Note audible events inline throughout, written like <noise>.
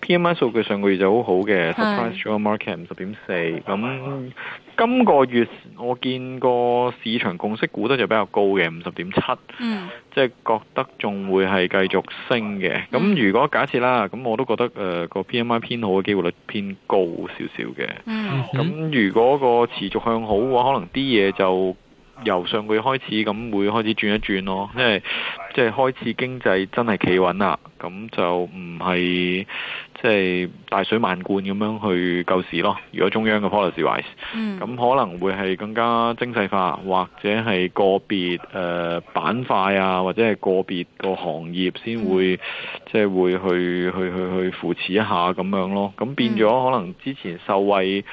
P M I 數據上個月就好好嘅，surprise 住個 market 五十點四。咁今個月我見個市場共識估得就比較高嘅五十點七。嗯，即係覺得仲會係繼續升嘅。咁、嗯、如果假設啦，咁我都覺得誒個、呃、P M I 偏好嘅機會率偏高少少嘅。嗯，咁如果個持續向好嘅話，可能啲嘢就由上個月開始咁會開始轉一轉咯。因為即係開始經濟真係企穩啦。咁就唔係即係大水漫灌咁樣去救市咯，如果中央嘅 policy wise，咁、mm. 可能會係更加精細化，或者係個別誒板塊啊，或者係個別個行業先會、mm. 即係會去去去去扶持一下咁樣咯。咁變咗可能之前受惠誒、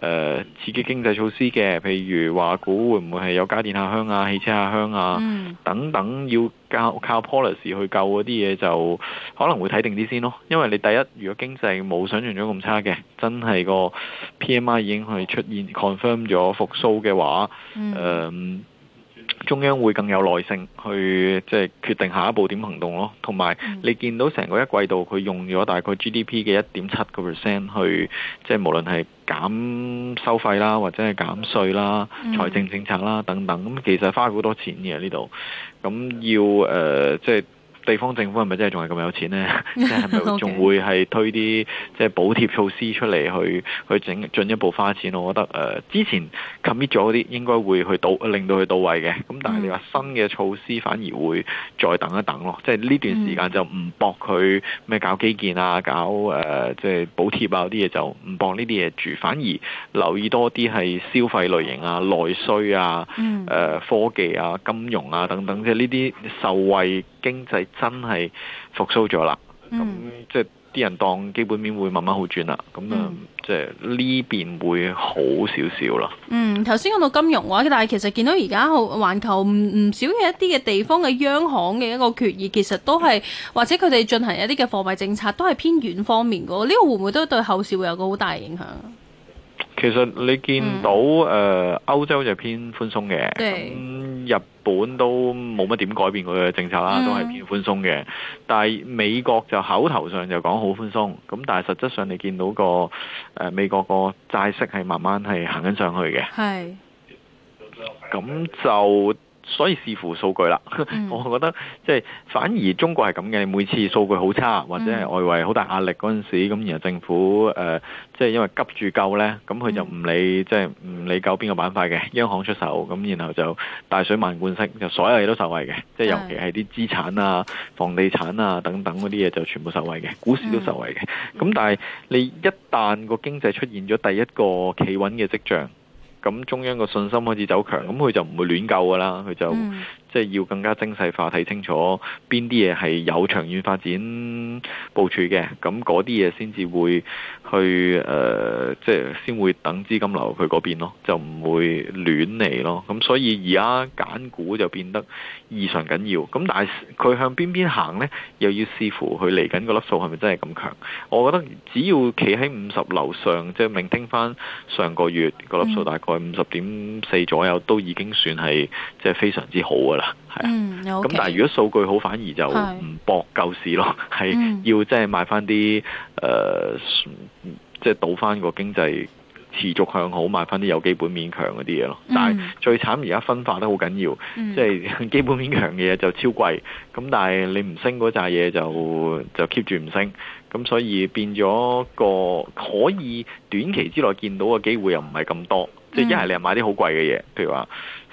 呃、刺激經濟措施嘅，譬如話股會唔會係有家電下鄉啊、汽車下鄉啊、mm. 等等，要靠靠 policy 去救嗰啲嘢就。可能會睇定啲先咯，因為你第一，如果經濟冇想象中咁差嘅，真係個 PMI 已經去出現 confirm 咗復甦嘅話，嗯嗯、中央會更有耐性去即係、就是、決定下一步點行動咯。同埋你見到成個一季度佢用咗大概 GDP 嘅一點七個 percent 去，即、就、係、是、無論係減收費啦，或者係減稅啦、嗯、財政政策啦等等，咁其實花好多錢嘅呢度，咁要即係。呃就是地方政府係咪真係仲係咁有錢呢？即係咪仲會係推啲即係補貼措施出嚟去去整進一步花錢？我覺得誒、呃，之前 commit 咗嗰啲應該會去到令到佢到位嘅。咁但係你話新嘅措施反而會再等一等咯。嗯、即係呢段時間就唔博佢咩搞基建啊、搞誒即係補貼啊啲嘢就唔博呢啲嘢住，反而留意多啲係消費類型啊、內需啊、誒、嗯呃、科技啊、金融啊等等，即係呢啲受惠。經濟真係復甦咗啦，咁、嗯、即係啲人當基本面會慢慢好轉啦，咁啊、嗯、即係呢邊會好少少咯。嗯，頭先講到金融嘅話，但係其實見到而家環球唔唔少嘅一啲嘅地方嘅央行嘅一個決議，其實都係、嗯、或者佢哋進行一啲嘅貨幣政策都係偏軟方面嘅，呢、呢個會唔會都對後市會有個好大影響？其實你見到誒，嗯呃、歐洲就偏寬鬆嘅，咁對日本都冇乜點改變佢嘅政策啦，嗯、都係偏寬鬆嘅。但係美國就口頭上就講好寬鬆，咁但係實質上你見到個誒、呃、美國個債息係慢慢係行緊上去嘅，係對，咁就。所以視乎數據啦，嗯、 <laughs> 我覺得即係反而中國係咁嘅，每次數據好差或者係外圍好大壓力嗰陣時，咁然後政府誒即係因為急住救呢，咁佢就唔理即係唔理救邊個板塊嘅，央行出手咁，然後就大水漫灌式，就所有嘢都受惠嘅，即係尤其係啲資產啊、房地產啊等等嗰啲嘢就全部受惠嘅，股市都受惠嘅。咁但係你一旦個經濟出現咗第一個企穩嘅跡象。咁中央個信心開始走強，咁佢就唔會亂救㗎啦，佢就。嗯即係要更加精細化睇清楚邊啲嘢係有長遠發展部署嘅，咁嗰啲嘢先至會去誒、呃、即係先會等資金流去嗰邊咯，就唔會亂嚟咯。咁所以而家揀股就變得異常緊要。咁但係佢向邊邊行咧？又要視乎佢嚟緊個粒數係咪真係咁強，我覺得只要企喺五十樓上，即係明聽翻上個月個粒數大概五十點四左右，都已經算係即係非常之好啊！係啊，咁、嗯 okay，但係如果數據好，反而就唔搏救市咯，係是、嗯、要即係買翻啲誒，即係賭翻個經濟持續向好，買翻啲有基本面強嗰啲嘢咯。嗯、但係最慘而家分化得好緊要，即係、嗯、基本面強嘅嘢就超貴，咁但係你唔升嗰扎嘢就就 keep 住唔升，咁所以變咗個可以短期之內見到嘅機會又唔係咁多。即係一係你係買啲好貴嘅嘢，譬如話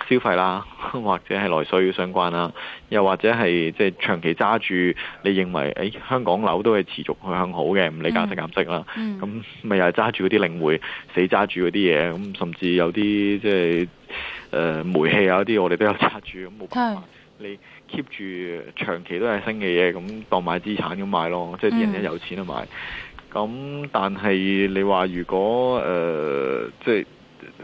消費啦，或者係內需相關啦，又或者係即係長期揸住你認為誒、哎、香港樓都係持續去向好嘅，唔理加息減息啦，咁咪又係揸住嗰啲領匯死揸住嗰啲嘢，咁甚至有啲即係誒煤氣啊啲，我哋都有揸住，咁冇辦法，是你 keep 住長期都係升嘅嘢，咁當買資產咁買咯，即係啲人一有錢啊買。咁、嗯、但係你話如果誒即係。呃即係誒，係、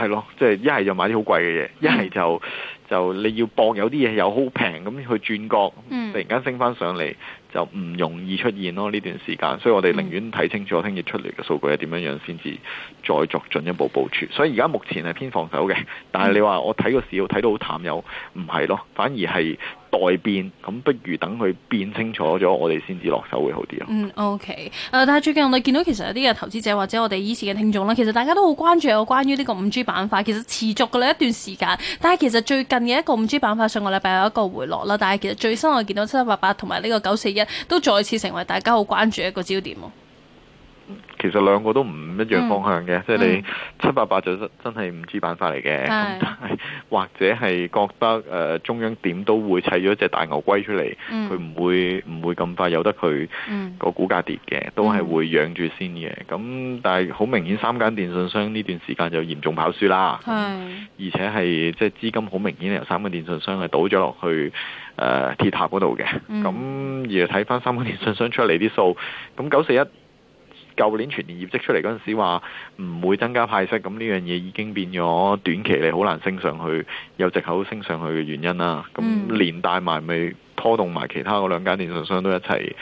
呃、咯，即係一係就買啲好貴嘅嘢，一係、嗯、就就你要搏，有啲嘢又好平，咁去轉角，突然間升翻上嚟，就唔容易出現咯。呢段時間，所以我哋寧願睇清楚，聽日出嚟嘅數據係點樣樣，先至再作進一步部署。所以而家目前係偏防守嘅，但係你話我睇個市，我睇到好淡，又唔係咯，反而係。待變，咁不如等佢變清楚咗，我哋先至落手會好啲咯。嗯，OK，誒、呃，但係最近我哋見到其實有啲嘅投資者或者我哋以前嘅聽眾咧，其實大家都好關注有關於呢個五 G 板塊，其實持續嘅咧一段時間。但係其實最近嘅一個五 G 板塊上個禮拜有一個回落啦，但係其實最新我哋見到七七八八同埋呢個九四一都再次成為大家好關注一個焦點。其實兩個都唔一樣方向嘅，即係你七八八就真係唔知辦法嚟嘅。咁但係或者係覺得誒，中央點都會砌咗一隻大牛龜出嚟，佢唔會唔會咁快有得佢個股價跌嘅，都係會養住先嘅。咁但係好明顯，三間電信商呢段時間就嚴重跑輸啦。係，而且係即係資金好明顯係由三間電信商係倒咗落去誒，鐵塔嗰度嘅。咁而睇翻三間電信商出嚟啲數，咁九四一。舊年全年業績出嚟嗰陣時，話唔會增加派息，咁呢樣嘢已經變咗短期，你好難升上去，有藉口升上去嘅原因啦。咁連帶埋咪拖動埋其他嗰兩間電信商，商都一齊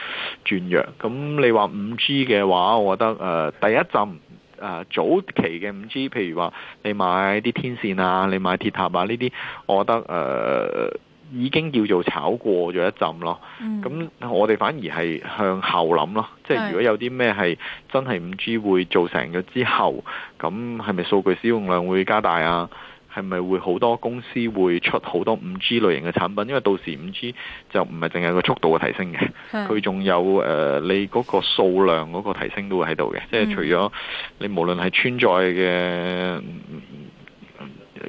轉弱。咁你話五 G 嘅話，我覺得、呃、第一陣、呃、早期嘅五 G，譬如話你買啲天線啊，你買鐵塔啊呢啲，我覺得誒。呃已經叫做炒過咗一陣咯，咁、嗯、我哋反而係向後諗咯，即係如果有啲咩係真係五 G 會做成咗之後，咁係咪數據使用量會加大啊？係咪會好多公司會出好多五 G 類型嘅產品？因為到時五 G 就唔係淨係個速度嘅提升嘅，佢仲是有誒、呃、你嗰個數量嗰個提升都會喺度嘅，即係除咗你無論係穿戴嘅。嗯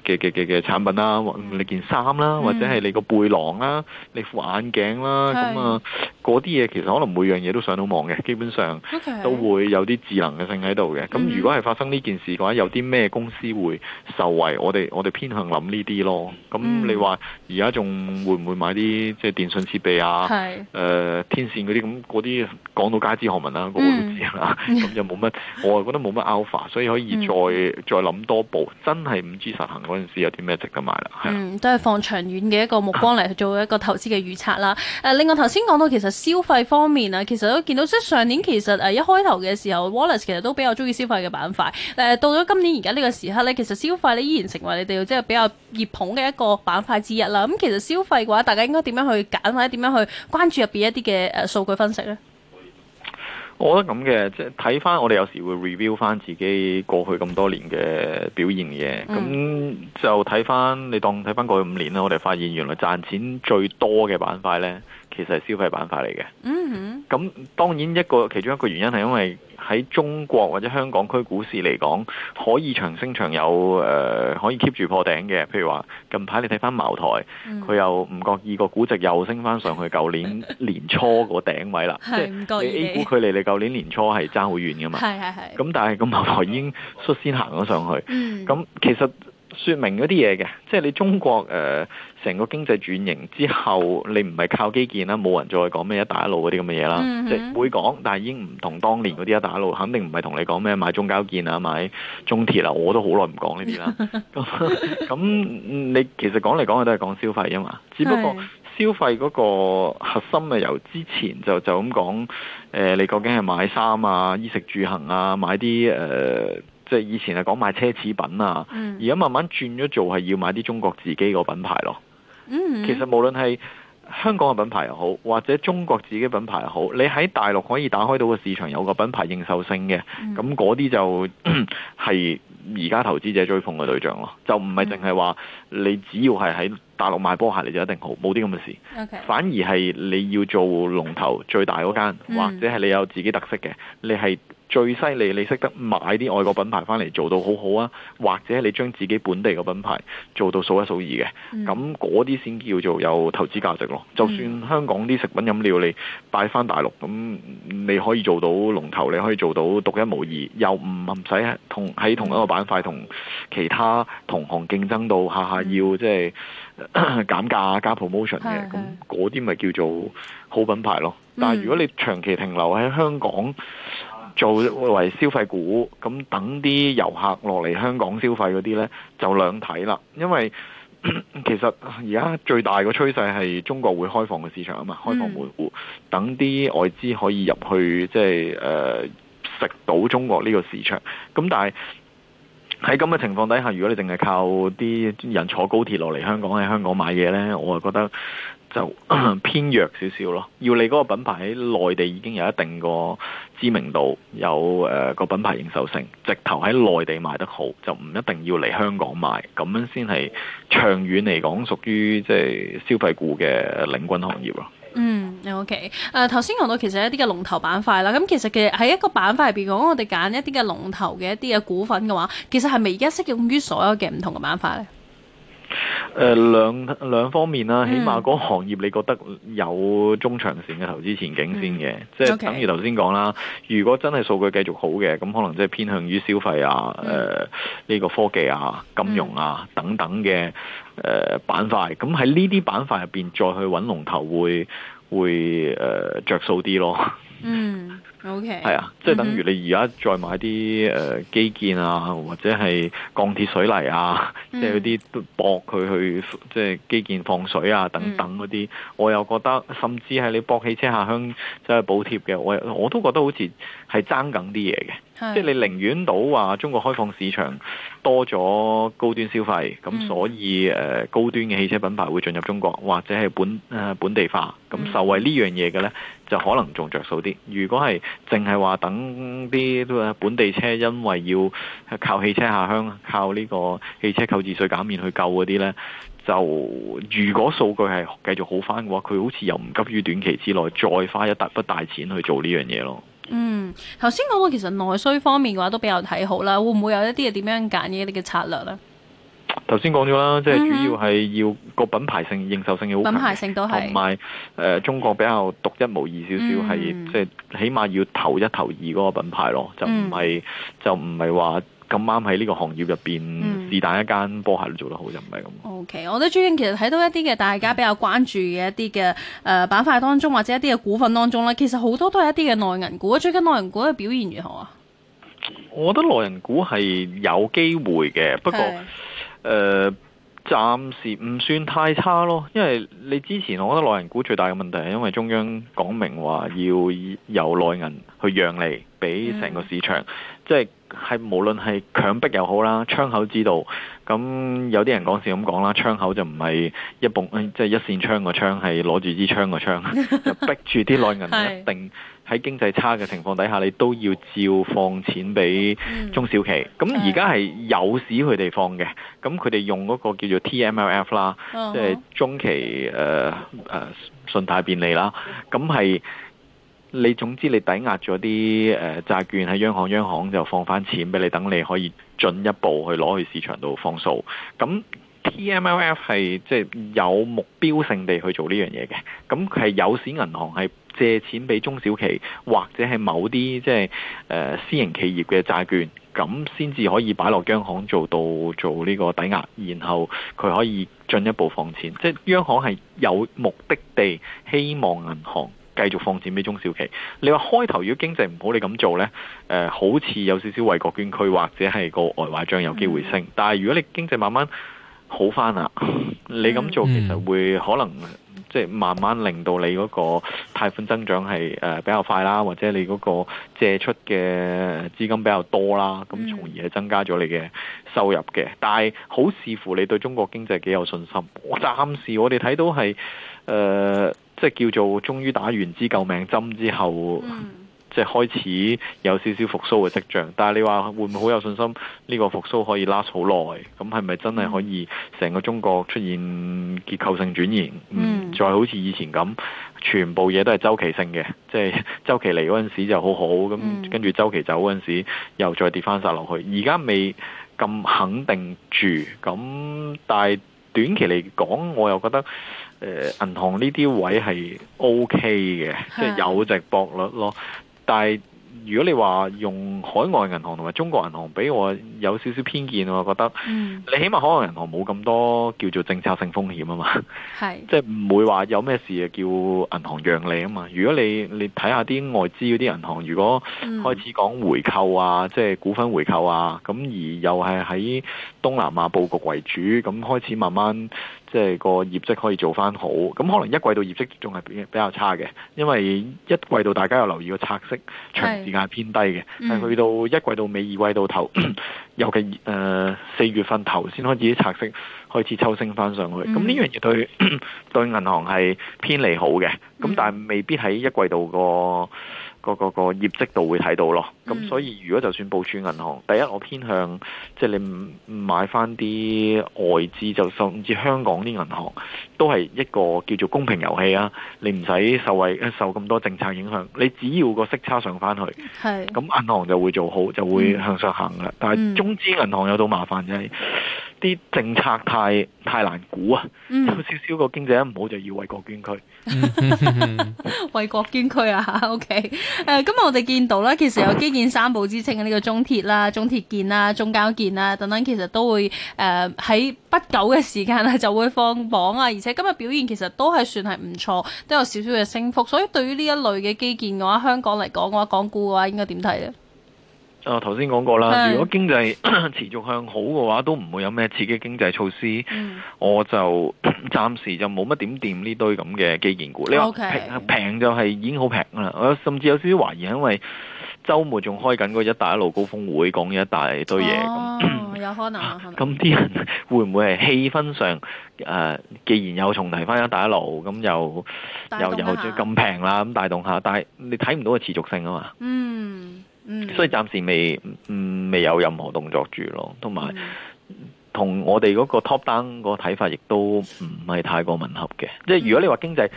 嘅嘅嘅嘅產品啦，你件衫啦，或者係你個、嗯、背囊啦，嗯、你副眼鏡啦，咁啊是，嗰啲嘢其實可能每樣嘢都上到網嘅，基本上 okay，都會有啲智能嘅性喺度嘅。咁、嗯、如果係發生呢件事嘅話，有啲咩公司會受惠？我哋我哋偏向諗呢啲咯。咁你話而家仲會唔會買啲即係電信設備啊？是呃、天線嗰啲咁嗰啲講到街知學問啦、啊，我、嗰個、都知啦。咁、嗯、 <laughs> 就冇乜，我覺得冇乜 alpha，所以可以再、嗯、再諗多步。真係唔知實行。嗰陣時有啲咩值得買啦？嗯，都係放長遠嘅一個目光嚟去做一個投資嘅預測啦。誒、啊，另外頭先講到其實消費方面啊，其實都見到即係上年其實誒一開頭嘅時候，Wallace 其實都比較中意消費嘅板塊。誒、呃，到咗今年而家呢個時刻咧，其實消費咧依然成為你哋即係比較熱捧嘅一個板塊之一啦。咁、嗯、其實消費嘅話，大家應該點樣去揀或者點樣去關注入邊一啲嘅誒數據分析咧？我覺得咁嘅，即係睇翻我哋有時會 review 翻自己過去咁多年嘅表現嘅，咁就睇翻，你當睇翻過去五年啦。我哋發現原來賺錢最多嘅板塊呢，其實係消費板塊嚟嘅，咁、mm hmm. 當然一個其中一個原因係因為喺中國或者香港區股市嚟講，可以長升長有誒、呃、可以 keep 住破頂嘅。譬如話，近排你睇翻茅台，佢、mm hmm. 又唔覺意個估值又升翻上去舊年年初個頂位啦。 <laughs> 即係 A 股距離你舊年年初係爭好遠嘅嘛。係係係。咁但係個茅台已經率先行咗上去。咁、mm hmm. 其實。說明嗰啲嘢嘅，即係你中國誒，成、呃、個經濟轉型之後，你唔係靠基建沒一一啦，冇人再講咩一帶一路嗰啲咁嘅嘢啦，即係會講，但係已經唔同當年嗰啲一帶一路，肯定唔係同你講咩買中交建啊，買中鐵啊，我都好耐唔講呢啲啦。咁 <laughs> <laughs> 你其實講嚟講去都係講消費啊嘛，只不過消費嗰個核心啊，由之前就就咁講，誒、呃，你究竟係買衫啊、衣食住行啊，買啲誒。呃以前係講買奢侈品啊，而家、嗯、慢慢轉咗做係要買啲中國自己個品牌咯。嗯、哼其實無論係香港嘅品牌又好，或者中國自己的品牌又好，你喺大陸可以打開到個市場，有個品牌認受性嘅，咁嗰啲就係而家投資者追捧嘅對象咯。就唔係淨係話你只要係喺大陸買波鞋你就一定好，冇啲咁嘅事。Okay. 反而係你要做龍頭最大嗰間，或者係你有自己特色嘅，嗯、你係。最犀利，你識得買啲外國品牌翻嚟做到好好啊，或者你將自己本地嘅品牌做到數一數二嘅，咁嗰啲先叫做有投資價值咯。就算香港啲食品飲料你擺翻大陸，咁你可以做到龍頭，你可以做到獨一無二，又唔唔使同喺同一個板塊同其他同行競爭到下下要即係減價加 promotion 嘅，咁嗰啲咪叫做好品牌咯。但係如果你長期停留喺香港，做為消費股，咁等啲遊客落嚟香港消費嗰啲呢，就兩睇啦。因為其實而家最大個趨勢係中國會開放個市場啊嘛，開放門戶，等啲外資可以入去，即係呃，食到中國呢個市場。咁但係。喺咁嘅情況底下，如果你淨係靠啲人坐高鐵落嚟香港喺香港買嘢呢，我就覺得就 <coughs> 偏弱少少咯。要你嗰個品牌喺內地已經有一定個知名度，有誒個、呃、品牌認受性，直頭喺內地賣得好，就唔一定要嚟香港賣，咁樣先係長遠嚟講屬於即係、就是、消費股嘅領軍行業咯。嗯。你 OK，誒頭先講到其實一啲嘅龍頭板塊啦，咁其實其實喺一個板塊入邊講，我哋揀一啲嘅龍頭嘅一啲嘅股份嘅話，其實係咪而家適用於所有嘅唔同嘅板塊咧？誒、呃、兩兩方面啦，嗯、起碼嗰行業你覺得有中長線嘅投資前景先嘅，即係、嗯、等於頭先講啦。嗯、okay, 如果真係數據繼續好嘅，咁可能即係偏向於消費啊、誒呢、嗯呃呢個科技啊、金融啊等等嘅誒板塊。咁喺呢啲板塊入邊再去揾龍頭會。會誒着數啲咯。嗯。O K，係啊，即、就、係、是、等於你而家再買啲誒、嗯哼呃、基建啊，或者係鋼鐵水泥啊，即係嗰啲駁佢去即係、就是、基建放水啊等等嗰啲，嗯、我又覺得甚至係你駁汽車下鄉即係補貼嘅，我我都覺得好似係爭緊啲嘢嘅，即係是你寧願到話中國開放市場多咗高端消費，咁、嗯、所以誒、呃、高端嘅汽車品牌會進入中國，或者係本、呃、本地化，咁受惠呢樣嘢嘅咧就可能仲着數啲。如果係，淨係話等啲本地車，因為要靠汽車下鄉，靠呢個汽車購置稅減免去救嗰啲呢。就如果數據係繼續好翻嘅話，佢好似又唔急於短期之內再花一大筆大錢去做呢樣嘢咯。嗯，頭先講過，其實內需方面嘅話都比較睇好啦，會唔會有一啲係點樣揀嘅一啲嘅策略呢？頭先講咗啦，即係主要係要個品牌性、mm hmm. 認受性要品牌性都係同埋誒，中國比較獨一無二少少，係、mm hmm. 即係起碼要頭一、頭二嗰個品牌咯，就唔係、mm hmm. 就唔係話咁啱喺呢個行業入邊是但一間波鞋都做得好，就唔係咁。O、okay, K，我覺得最近其實睇到一啲嘅大家比較關注嘅一啲嘅誒板塊當中，或者一啲嘅股份當中咧，其實好多都係一啲嘅內銀股。最近內銀股嘅表現如何啊？我覺得內銀股係有機會嘅，不過。誒，暫、呃、時唔算太差咯，因為你之前我覺得內銀股最大嘅問題係因為中央講明話要由內銀去讓利俾成個市場，嗯、即係係無論係強逼又好啦，窗口指導，咁有啲人講事咁講啦，窗口就唔係一捧，即係一扇窗個窗係攞住支槍個槍， <laughs> 就逼住啲內銀一定。喺經濟差嘅情況底下，你都要照放錢俾中小企。咁而家係有市佢哋放嘅，咁佢哋用嗰個叫做 TMLF 啦，即係、啊、中期誒誒信貸便利啦。咁係你總之你抵押咗啲誒債券喺央行，央行就放翻錢俾你，等你可以進一步去攞去市場度放數。咁 TMLF 係即係、就是、有目標性地去做呢樣嘢嘅。咁佢係有市銀行係。借錢俾中小企或者係某啲即係誒私營企業嘅債券，咁先至可以擺落央行做到做呢個抵押，然後佢可以進一步放錢。即係央行係有目的地希望銀行繼續放錢俾中小企。你話開頭如果經濟唔好，你咁做呢，誒、呃、好似有少少為國捐軀，或者係個外匯帳有機會升。但係如果你經濟慢慢好返啦，你咁做其實會可能。即係慢慢令到你嗰個貸款增長係誒比較快啦，或者你嗰個借出嘅資金比較多啦，咁從而係增加咗你嘅收入嘅。但係好視乎你對中國經濟幾有信心。暫時我哋睇到係誒，即係叫做終於打完支救命針之後。嗯即係開始有少少復甦嘅跡象，但係你話會唔會好有信心呢個復甦可以 last 好耐？咁係咪真係可以成個中國出現結構性轉型？嗯，嗯，再好似以前咁，全部嘢都係周期性嘅，即係周期嚟嗰陣時就好好，咁、嗯、跟住周期走嗰陣時又再跌翻晒落去。而家未咁肯定住，咁但係短期嚟講，我又覺得誒、呃、銀行呢啲位係 OK 嘅，即係有值博率咯。但係如果你話用海外銀行同埋中國銀行比，我有少少偏見，我覺得，嗯、你起碼海外銀行冇咁多叫做政策性風險啊是 嘛，即係唔會話有咩事啊叫銀行讓利啊嘛。如果你你睇下啲外資嗰啲銀行，如果開始講回購啊，即係股份回購啊，咁而又係喺東南亞布局為主，咁開始慢慢。即係個業績可以做翻好，咁可能一季度業績仲係比，比較差嘅，因為一季度大家有留意個拆息長時間偏低嘅，嗯、但去到一季度尾、二季度頭， <coughs> 尤其、呃、四月份頭先開始啲拆息開始抽升翻上去，咁呢、嗯、樣嘢對 <coughs> 對銀行係偏利好嘅，咁但係未必喺一季度個。個個個業績度會睇到咯，咁所以如果就算部署銀行，嗯、第一我偏向即係、就是、你買翻啲外資，就甚至香港啲銀行都係一個叫做公平遊戲啊！你唔使受惠受咁多政策影響，你只要個息差上翻去，咁是 銀行就會做好，就會向上行嘅。嗯、但係中資銀行有到麻煩嘅、就是。啲政策太太難估啊！嗯、有少少個經濟一唔好就要為國捐軀 <laughs> 為國捐軀啊！OK，誒、uh, 今日我哋見到咧，其實有基建三寶之稱嘅呢個中鐵啦、中鐵建啦、中交建啦等等，其實都會誒喺、uh, 不久嘅時間咧就會放榜啊！而且今日表現其實都係算係唔錯，都有少少嘅升幅，所以對於呢一類嘅基建嘅話，香港嚟講嘅話，港股嘅話應該點睇咧？啊，頭先講過啦。如果經濟持續向好嘅話，都唔會有咩刺激經濟措施。我就暫時就冇乜點掂呢堆咁嘅基建股。平平就係已經好平啦。我甚至有少少懷疑，因為週末仲開緊嗰一帶一路高峰會，講一大堆嘢。有可能。咁啲人會唔會係氣氛上？既然又重提翻一帶一路，咁又又又咁平啦，咁帶動下。但係你睇唔到個持續性啊嘛。嗯。嗯、所以暫時未、嗯、未有任何動作住咯，同埋同我哋嗰個 top down 嗰個睇法亦都唔係太過吻合嘅。嗯、即係如果你話經濟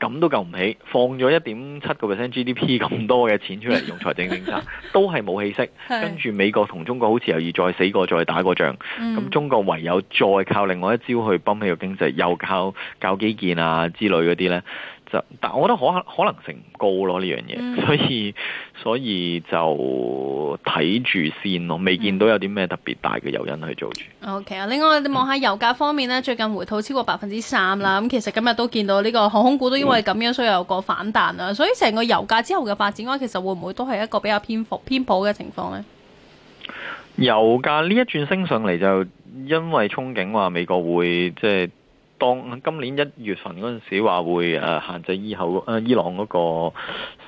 咁都救唔起，放咗一點七個 percent GDP 咁多嘅錢出嚟用財政政策， <laughs> 都係冇氣息。是跟住美國同中國好似又要再死過再打過仗，咁、嗯、中國唯有再靠另外一招去泵起個經濟，又靠搞基建啊之類嗰啲呢？但我覺得可可能性唔高咯，啊、呢樣嘢、嗯，所以所以就睇住先咯，未見到有啲咩特別大嘅誘因去做住、嗯。OK 啊，另外你望下油價方面呢，嗯、最近回吐超過百分之三啦。咁、嗯、其實今日都見到呢個航空股都因為咁樣，嗯、所以有個反彈啊。所以成個油價之後嘅發展嘅話其實會唔會都係一個比較偏幅偏普嘅情況呢？油價呢一轉升上嚟，就因為憧憬話美國會即係。今年一月份嗰陣時話會限制以後誒伊朗嗰個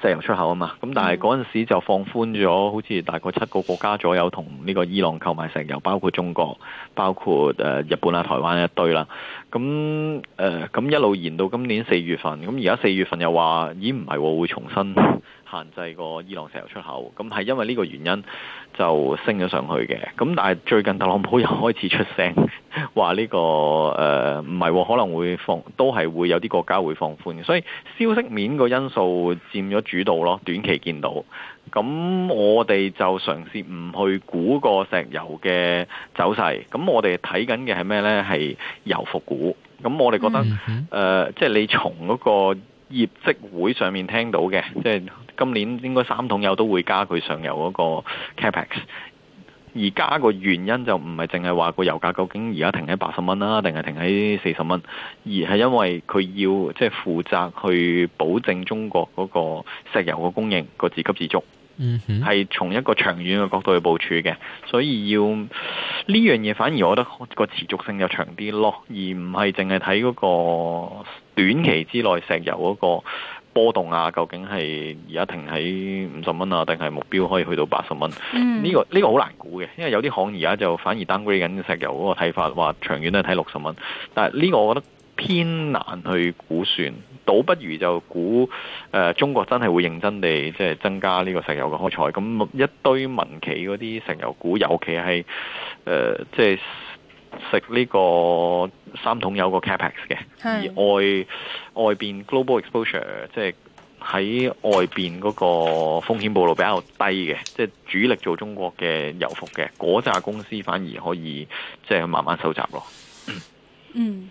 石油出口啊嘛，咁但係嗰陣時就放寬咗，好似大概七個國家左右，同呢個伊朗購買石油，包括中國、包括誒日本啊、台灣一堆啦。咁誒咁一路延到今年四月份，咁而家四月份又話咦，唔係，會重新限制個伊朗石油出口，咁係因為呢個原因就升咗上去嘅。咁但係最近特朗普又開始出聲，話呢個誒唔係可能會放，都係會有啲國家會放寬，所以消息面個因素佔咗主導咯，短期見到。咁我哋就嘗試唔去估個石油嘅走勢。咁我哋睇緊嘅係咩呢？係油服股。咁我哋覺得誒，即係、嗯哼呃即係、你從嗰個業績會上面聽到嘅，即係今年應該三桶油都會加佢上游嗰個 CapEx。而加個原因就唔係淨係話個油價究竟而家停喺八十蚊啦，定係停喺四十蚊，而係因為佢要即係、就是、負責去保證中國嗰個石油個供應個自給自足。嗯，係、mm hmm. 從一個長遠嘅角度去部署嘅，所以要呢樣嘢反而我覺得個持續性又長啲咯，而唔係淨係睇嗰個短期之內石油嗰個波動啊，究竟係而家停喺五十蚊啊，定係目標可以去到八十蚊？呢、mm hmm. 呢個呢、呢個好難估嘅，因為有啲行而家就反而 downgrade 緊石油嗰個睇法，話長遠都係睇六十蚊，但係呢個我覺得。偏難去估算，倒不如就估誒、呃、中國真係會認真地即係、就是、增加呢個石油嘅開採，咁一堆民企嗰啲石油股，尤其係誒即係食呢、這個三桶油個 capex 嘅，的而外外邊 global exposure 即係喺外邊嗰個風險暴露比較低嘅，即、就、係、是、主力做中國嘅油服嘅嗰扎公司，反而可以即係、就是、慢慢收集咯。嗯。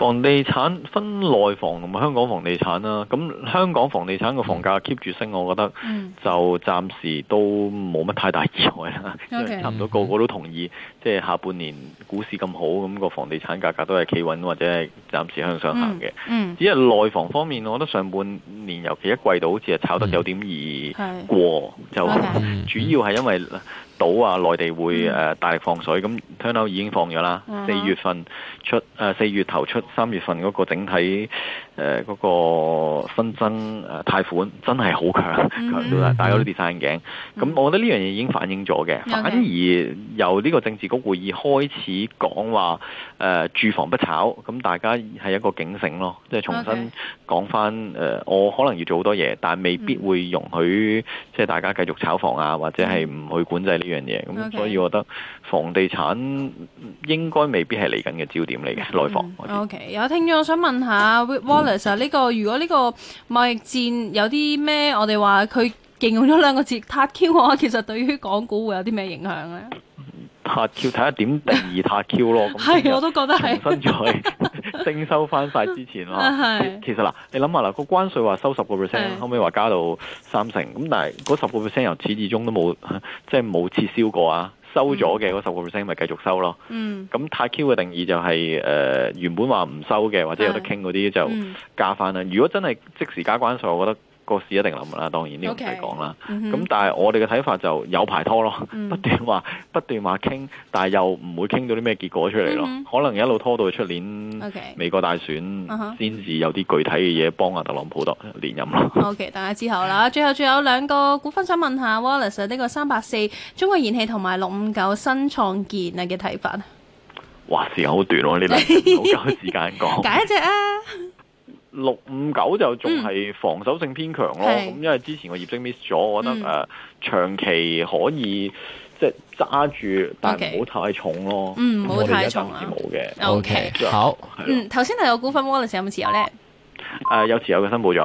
房地產分內房同埋香港房地產啦，咁香港房地產嘅房價 keep 住升，我覺得就暫時都冇乜太大意外啦。嗯、因為差唔多個個都同意，即係下半年股市咁好，咁個房地產價格都係企穩或者係暫時向上行嘅。嗯嗯、只係內房方面，我覺得上半年尤其一季度好似係炒得有點易過，嗯、就主要係因為。到啊！內地會誒大力放水，咁 turn out 已經放咗啦。四月份出誒四、呃、月頭出，三月份嗰個整體誒嗰、呃嗰個新增誒、呃、貸款真係好強強到啦！大家都跌晒眼鏡，咁我覺得呢樣嘢已經反映咗嘅。反而由呢個政治局會議開始講話誒，住房不炒，咁大家係一個警醒咯，即係重新講翻誒，我可能要做好多嘢，但未必會容許即係大家繼續炒房啊，或者係唔去管制呢？樣嘢咁，所以我覺得房地產應該未必係嚟緊嘅焦點嚟嘅、嗯、內房。O、okay, K，有聽眾我想問下 w Wallace 呢、嗯呢個如果呢個貿易戰有啲咩，我哋話佢形容咗兩個字塔 Q，的話其實對於港股會有啲咩影響咧？塔 Q 睇下點定義塔 Q 咯，係我都覺得係。 <laughs> 徵收翻曬之前咯， <laughs> 是其實嗱，你諗下嗱，個關稅話收十個 percent，後尾話加到三成，咁但係嗰十個 percent 由始至終都冇，即係冇撤銷過啊，收咗嘅嗰十個 percent 咪繼續收咯。嗯，咁太 Q 嘅定義就係、是、誒、呃、原本話唔收嘅或者有得傾嗰啲就加翻啦。的如果真係即時加關稅，我覺得。個市一定諗啦，當然呢個唔使講啦。咁 Okay,、嗯、但係我哋嘅睇法就有排拖咯、嗯，不斷話不斷話傾，但係又唔會傾到啲咩結果出嚟咯。嗯、可能一路拖到出年美國大選，先至有啲具體嘅嘢幫阿特朗普多連任咯。OK，大家之後啦，最後仲有兩個股份想問下 Wallace 呢個三百四中國燃氣同埋六五九新創建啊嘅睇法。哇，時間好短喎、啊，呢兩好交時間講，揀一隻啊！六五九就仲係防守性偏強咯，咁、嗯嗯、因為之前個業績 miss 咗，我、嗯、覺得誒、呃、長期可以即係揸住，但係唔好太重咯。嗯，唔好、嗯、太重啊。O K，好。嗯，頭先係有股份 m 陣時有冇持有咧？誒、呃，有持有嘅，分布咗。